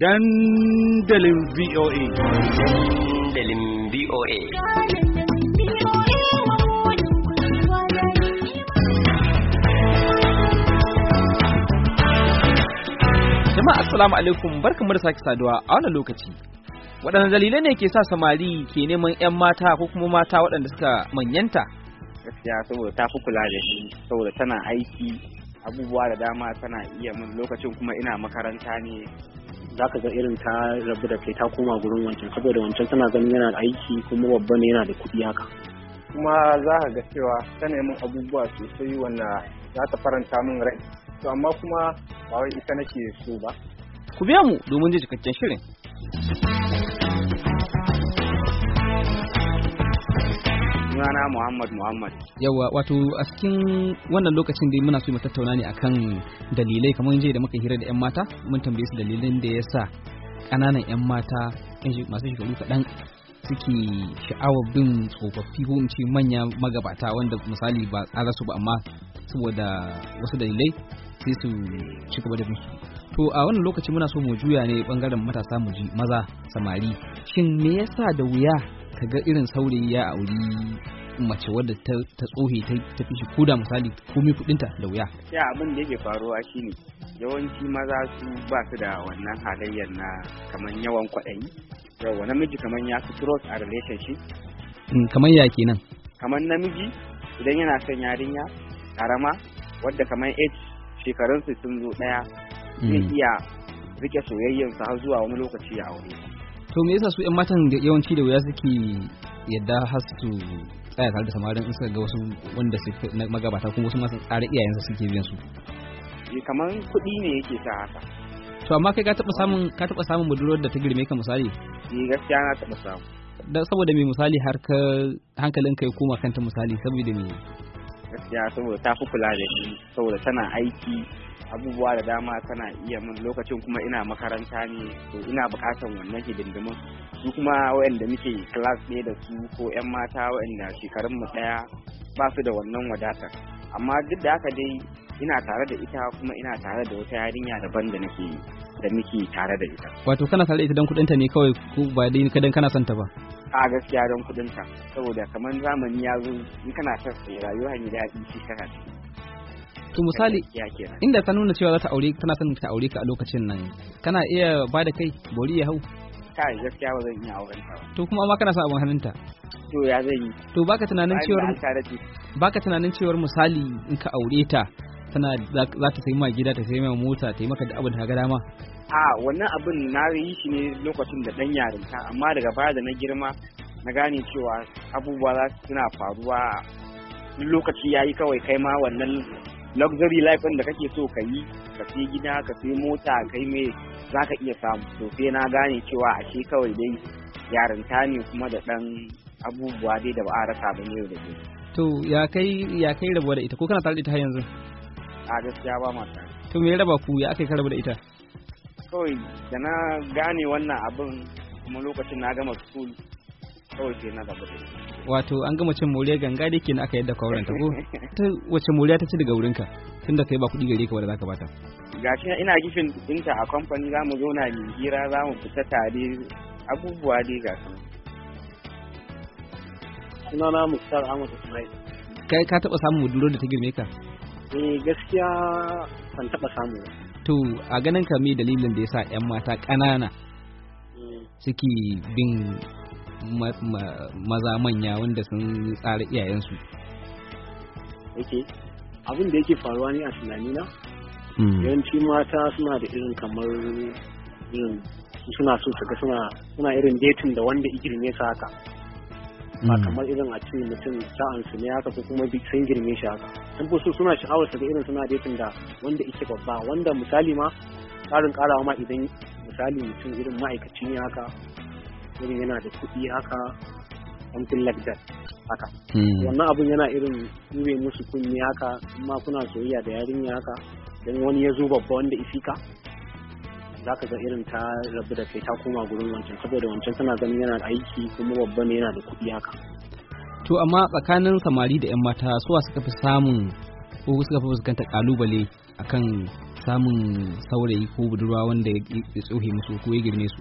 dandalin VOA. Dandalin VOA. Jama'a Assalamu alaikum barkamu da sake saduwa a wannan lokaci. Waɗanne dalilai ne ke sa samari ke neman 'yan mata ko kuma mata waɗanda suka manyanta? Gaskiya saboda ta fi kula da shi, saboda tana aiki abubuwa da dama tana iya min lokacin kuma ina makaranta ne za ka ga irin ta rabu da kai ta koma gurin wancan saboda wancan tana ganin yana aiki kuma babba ne yana da kuɗi haka kuma za ka ga cewa ta nemi abubuwa sosai wanda za ta faranta min rai to amma kuma ba wai ita nake so ba ku biya mu domin jin cikakken shirin sunana Muhammad Muhammad. Yawa wato a cikin wannan lokacin dai muna so mu tattauna ne akan dalilai kamar yanzu da muka hira da 'yan mata mun tambaye su dalilin da ya sa ƙananan 'yan mata masu shekaru kaɗan suke sha'awar bin tsofaffi ko in ce manya magabata wanda misali ba tsara su ba amma saboda wasu dalilai sai su ci gaba da bin su to a wannan lokaci muna so mu juya ne bangaren matasa mu ji maza samari shin me yasa da wuya ka ga irin saurayi ya auri mace wadda ta tsohe ta fi shi koda misali komai kudinta da wuya ya abin da yake faruwa shi ne yawanci maza su ba su da wannan halayyar na kamar yawan kwaɗayi yawa namiji kamar ya fi trust a relationship hmm, kamar ya kenan kamar namiji idan yana son yarinya karama wadda kamar age shekarunsu sun zo daya zai hmm. iya rike soyayyar har zuwa wani lokaci a aure to me yasa su 'yan matan yawanci da wuya suke yadda har tsaya tare da samarin in suka ga wasu wanda na magabata kuma wasu masu tsara iyayensa suke biyan su eh, kamar kuɗi ne yake ta haka to amma kai ka taɓa samun ka taɓa samun budurwar da ta girme ka misali eh gaskiya na taɓa samu dan saboda me misali har ka hankalin kai kuma koma kanta misali saboda me gaskiya saboda ta fi kula da shi saboda tana aiki abubuwa da dama tana iya min lokacin kuma ina makaranta ne to ina bukatan wannan hidindimin su kuma waɗanda muke class ɗaya da su ko 'yan mata waɗanda shekarun mu ɗaya ba su da wannan wadatar amma duk da haka dai ina tare da ita kuma ina tare da wata yarinya daban da nake da muke tare da ita wato kana tare da ita don kuɗinta ne kawai ko ba dai dan kana son ta ba a gaskiya don kuɗinta saboda kamar zamani ya zo in kana son rayuwa ne daɗi shi kana to misali inda ta nuna cewa za ta aure tana son ta aure ka a lokacin nan kana iya ba da kai bori ya hau kai gaskiya ba zan iya auren ta to kuma amma kana son abin hannunta to ya zan yi to baka tunanin cewar baka tunanin cewar misali in ka aure ta tana za ta sai ma gida ta sai ma mota ta yi maka da abin da ga dama a wannan abin na yi shi ne lokacin da dan yarinta amma daga baya da na girma na gane cewa abubuwa za su suna faruwa lokaci ya yi kawai kai ma wannan luxury life da kake so ka yi ka sai gida ka sai mota kai me za ka iya samu to sai na gane cewa ashe kawai dai yarinta ne kuma da ɗan abubuwa dai da ba a rasa ba yau da ke to ya kai ya kai rabuwa da ita ko kana tare da ita har yanzu a gaskiya ba ma tare to me raba ku ya aka rabu da ita kawai da na gane wannan abin kuma lokacin na gama school kawai sai na gaba da ita wato an gama cin moriya ganga da ke aka yadda kwauren ta ko ta wace moriya ta ci daga wurinka tun da kai ba kuɗi gare ka ba da zaka bata gashi ina gifin dinta a kamfani za mu zauna mu hira za mu fita tare abubuwa dai ga su suna na mustar Ismail kai ka taba samun budurwar da ta girme ka eh gaskiya ban taba samu to a ganin ka me dalilin da yasa yan mata ƙanana eh. suke bin maza manya wanda sun tsara iyayensu Ok, abin da yake faruwa ne a tunanina hmm. yawanci mata suna da irin kamar irin suna so su ga suna irin datin da wanda igirme sa haka ba hmm. kamar irin a cikin mutum sa'an su ne haka ko kuma sun girme shi haka sun fi so suna sha'awar su ga irin suna datin da wanda ike babba wanda misali ma tsarin karawa ma idan misali mutum irin ma'aikaci ne haka irin yana da kuɗi haka something like that haka hmm. wannan abun yana irin ture musu kunni haka amma kuna soyayya da yarinya haka dan wani ya zo babba wanda ifika za ka ga irin ta rabu da kai ta koma gurin wancan saboda wancan tana ganin yana da aiki kuma babba ne yana da kuɗi haka to amma tsakanin samari da 'yan mata suwa suka fi samun ko suka fi fuskantar kalubale akan samun saurayi ko budurwa wanda ya tsohe musu ko ya girme su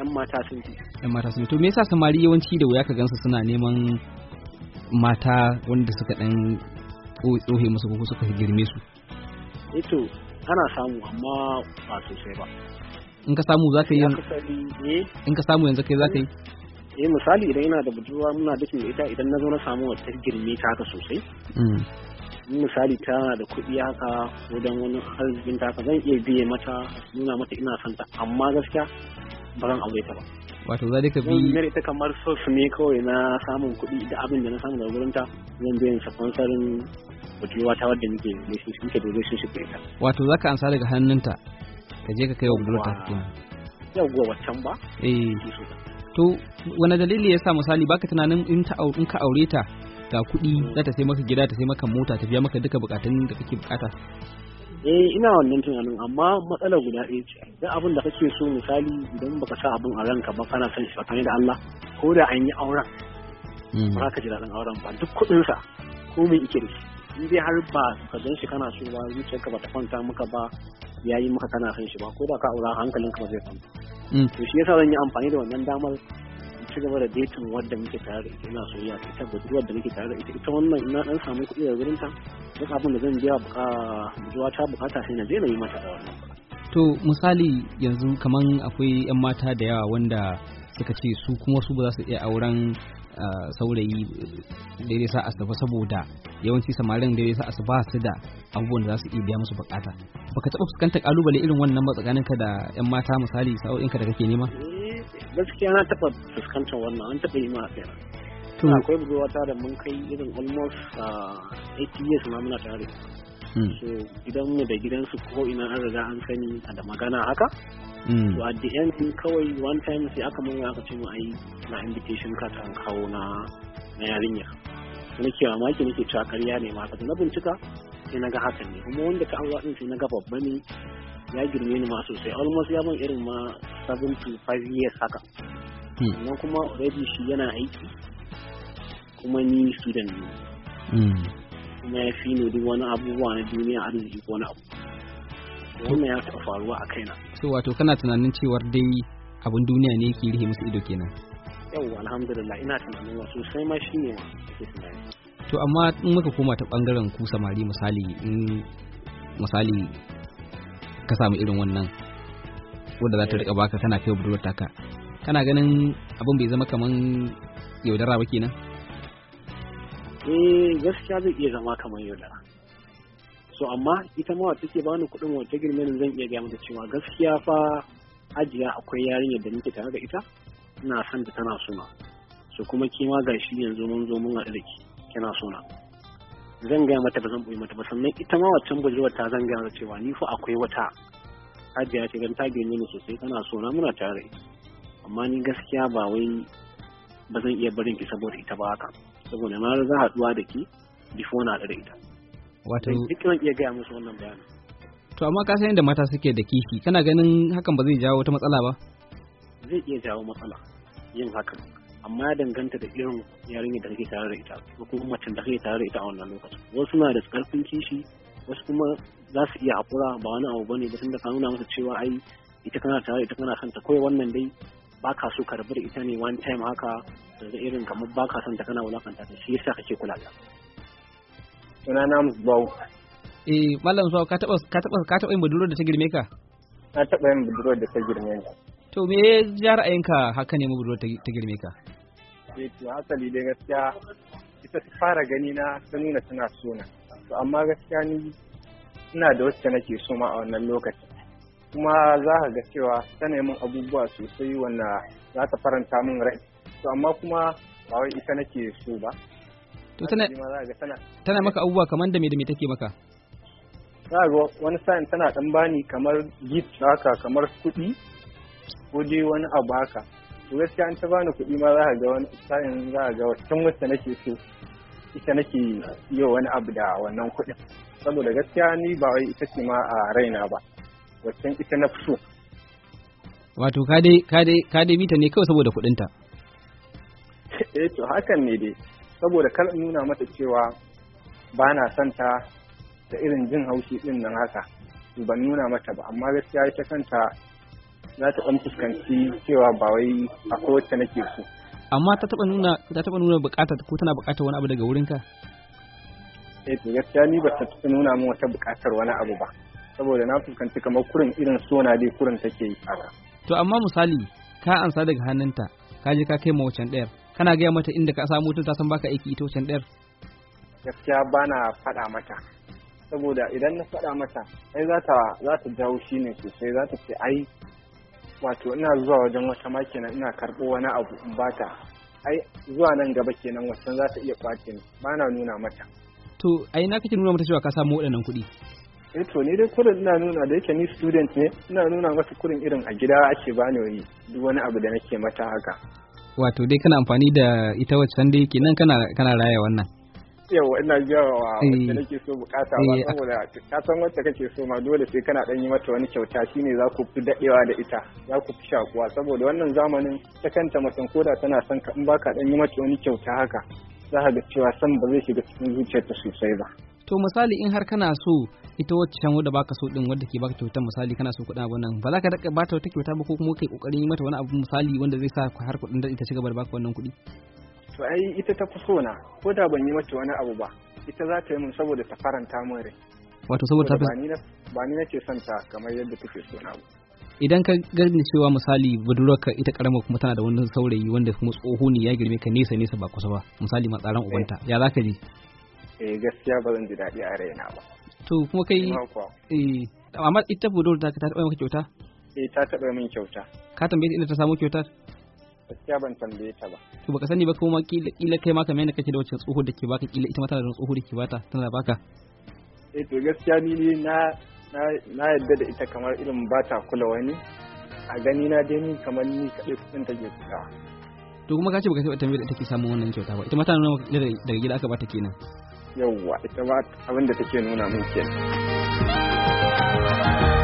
yan mata sun fi yan mata sun fi to me yasa samari yawanci da wuya ka gansu suna neman mata wanda suka dan tsohe musu ko suka girme su ito eh ana samu amma ba sosai ba in ka samu za ka yi eh. in ka samu yanzu kai za ka yi eh misali idan ina da budurwa muna da ita idan na zo na samu wata girme ta haka sosai mm. misali tana da kuɗi haka wajen wani arzikin ta haka zan iya biye mata nuna mata ina son ta amma gaskiya ba zan aure ta ba wato za ka bi mai ita kamar source ne kawai na samun kuɗi da abin da na samu daga gurinta zan biyan sponsorin budurwa ta wadda muke muke da relationship da ita wato za ka ansa daga hannunta ka je ka kai wa budurwa ta kenan yawwa wancan ba eh to wani dalili ya sa misali baka tunanin in ta in ka aure ta ga kuɗi za ta sai maka gida ta sai maka mota ta biya maka duka bukatun da kake bukata eh ina wannan tunanin amma matsala guda ɗaya ce duk abin da kake so misali idan baka sa abin a ranka ba kana son shi tsakani da Allah ko da an yi auren hmm. ba ka ji daɗin auren ba duk sa ko mai ike da shi in dai har ba ka gan shi kana so ba zuciyarka ba ta kwanta maka ba ya yi maka kana son shi ba ko da ka aura hankalinka ba zai kwanta hmm. to shi yasa zan yi amfani da wannan damar ci gaba da datin wadda muke tare da ita ina soyayya ta ita budurwar da muke tare da ita ita wannan ina dan samu kuɗi daga gurin ta duk abin da zan biya zuwa ta bukata sai na je na yi mata da wannan to misali yanzu kaman akwai yan mata da yawa wanda suka ce su kuma su ba za su iya auren saurayi daidai sa asuba saboda yawanci samarin daidai sa asuba su da abubuwan da za su iya biya musu bukata baka taba fuskantar kalubale irin wannan ba ka da yan mata misali sa'o'inka da kake nema eh, gaskiya na taba fuskantar wannan an taba yi ma a akwai budurwa ta da mun kai irin almost a ah, years ma muna tare hmm. so gidanmu da gidansu ko ina an riga an sani a da magana haka hmm. so at the end kawai one time sai aka mun aka ce mu ai na invitation card an kawo na na yarinya nake mamaki nake cewa ƙarya ne ma na bincika sai na ga hakan ne kuma wanda ka Allah din sai na ga babba ne ya girme ni ma sosai almost ya mun irin ma 75 years haka hmm. nan kuma already shi yana aiki kuma ni student ne hmm. kuma ya fi ni duk wani abubuwa na duniya arziki ko wani abu wannan ya taɓa faruwa a kaina so wato kana tunanin cewar dai abin duniya ne yake rihe musu ido kenan yau alhamdulillah ina tunanin wasu sai ma shi ne ma to amma in muka koma ta bangaren ku samari misali in misali ka samu irin wannan wanda za ta rika baka kana kai budurwar taka kana ganin abin bai zama kaman yaudara ba kenan eh gaskiya zai iya zama kamar da so amma ita ma wata ke bani kuɗin wata girmenin zan iya gaya mata cewa gaskiya fa ajiya akwai yarinyar da nake tare da ita ina son da tana suna so kuma kima gashi yanzu mun zo mun haɗu da ki kina suna zan gaya mata ba zan ɓoye mata ba sannan ita ma waccan bujewa ta zan gaya mata cewa ni fa akwai wata ajiya ce don ta girme ni sosai tana suna muna tare amma ni gaskiya ba wai ba zan iya barin ki saboda ita ba haka saboda na a haɗuwa da ke before na da ita wato duk zan iya gaya musu wannan bayanin to amma ka san yadda mata suke da kifi kana ganin hakan ba zai jawo wata matsala ba zai iya jawo matsala yin hakan amma ya danganta da irin yarinya da kake tare da ita ko kuma macen da kake tare da ita a wannan lokacin wasu na da karfin kishi wasu kuma za su iya haƙura ba wani abu bane ba tunda ka nuna masa cewa ai ita kana tare ita kana son ta kawai wannan dai ba ka so ka rabu da ita ne one time haka da irin kamar ba ka son ta kana wulakanta ta shi yasa kake kula da sunana musbau eh mallam zuwa ka taba ka taba ka taba yin budurwar da ta girme ka Ka taba yin budurwar da ta girme ka to me ya ja ra'ayinka haka ne budurwar ta girme ka eh to hasali dai gaskiya ita ta fara gani na ta nuna tana so na to amma gaskiya ni ina da wacce nake so ma a wannan lokacin kuma za ka ga cewa tana min abubuwa sosai wanda za ta faranta min rai to amma kuma ba wai ita nake so ba to tana tana maka abubuwa kamar da me da me take maka za ga wani sa'in tana dan bani kamar gift haka kamar kuɗi ko dai wani abu haka to gaskiya an ta bani kuɗi ma za ka ga wani sa'in za ka ga wacce wacce nake so ita nake yi wani abu da wannan kuɗin saboda gaskiya ni ba wai ita ce ma a raina ba waccan ita na so wato ka dai bita ne kawai saboda kuɗinta eh to hakan ne dai saboda kar nuna mata cewa ba na santa da irin jin haushi din nan haka ban nuna mata ba amma gaskiya ita kanta za ta ɗan fuskanci cewa ba wai akwai wacce nake so amma ta taɓa nuna ta taɓa nuna bukata ko tana bukatar wani abu daga wurinka eh to gaskiya ni ba ta nuna min wata bukatar wani abu ba saboda na fuskanci kamar kurin irin sona dai kurin take yi ana to amma misali ka ansa daga hannunta ka je ka kai ma wacan ɗayar kana gaya mata inda ka samu tun ta san baka aiki ita wacan ɗayar gaskiya bana faɗa mata saboda idan na faɗa mata ai za ta za ta jawo shi ne sosai za ta ce ai wato ina zuwa wajen wata ma ina karɓo wani abu in bata ai zuwa nan gaba kenan wasan za ta iya kwace ni bana nuna mata to ai na kake nuna mata cewa ka samu waɗannan kuɗi eh to dai kurin ina nuna da yake ni student ne ina nuna masa kurin irin a gida ake bani duk wani abu da nake mata haka wato dai kana amfani da ita waccan dai kenan kana kana raya wannan yawa ina jawa eh. wacce nake so bukata ba eh. saboda ka san wacce kake so ma dole sai kana dan yi mata wani kyauta shine za ku fi dadewa da ita za ku fi shakuwa saboda wannan zamanin ta kanta macen koda tana son ka in baka dan yi mata wani kyauta haka za ka ga cewa san ba zai shiga cikin zuciyarta sosai ba to misali in har kana so ita wacce shan wadda baka so din wadda ke baka kyautar misali kana so kuɗin abin nan ba za ka daka bata wata kyauta ba ko kuma kai kokarin yi mata wani abu misali wanda zai sa har kuɗin da ita ci gaba da baka wannan kuɗi to ai ita ta fi so na ko da ban yi mata wani abu ba ita za ta yi min saboda ta faranta min rai wato saboda ta ba ni nake son ta kamar yadda take so na idan ka gani cewa misali budurwarka ita karama kuma tana da wani saurayi wanda kuma tsoho ne ya girme ka nesa nesa ba kusa ba misali matsaran eh. ubanta ya za ka ji eh gaskiya ba zan ji daɗi a raina ba to kuma kai eh amma ita budur da ta taɓa maka kyauta eh ta taɓa min kyauta ka tambaye inda ta samu kyautar gaskiya ban tambaye ta ba to baka sani ba kuma kila kila kai ma kamar yadda kake da wacce tsoho da ke baka kila ita ma tana da tsoho da ke bata tana baka eh to gaskiya ni na na yadda da ita kamar irin ba ta kula wani a gani na dai ni kamar ni kaɗai ta take kuɗa. To kuma ka ce baka taɓa tambaye da take samu wannan kyauta ba ita ma ta nuna daga gida aka bata kenan. yawwa ita ba abin da take nuna mun kenan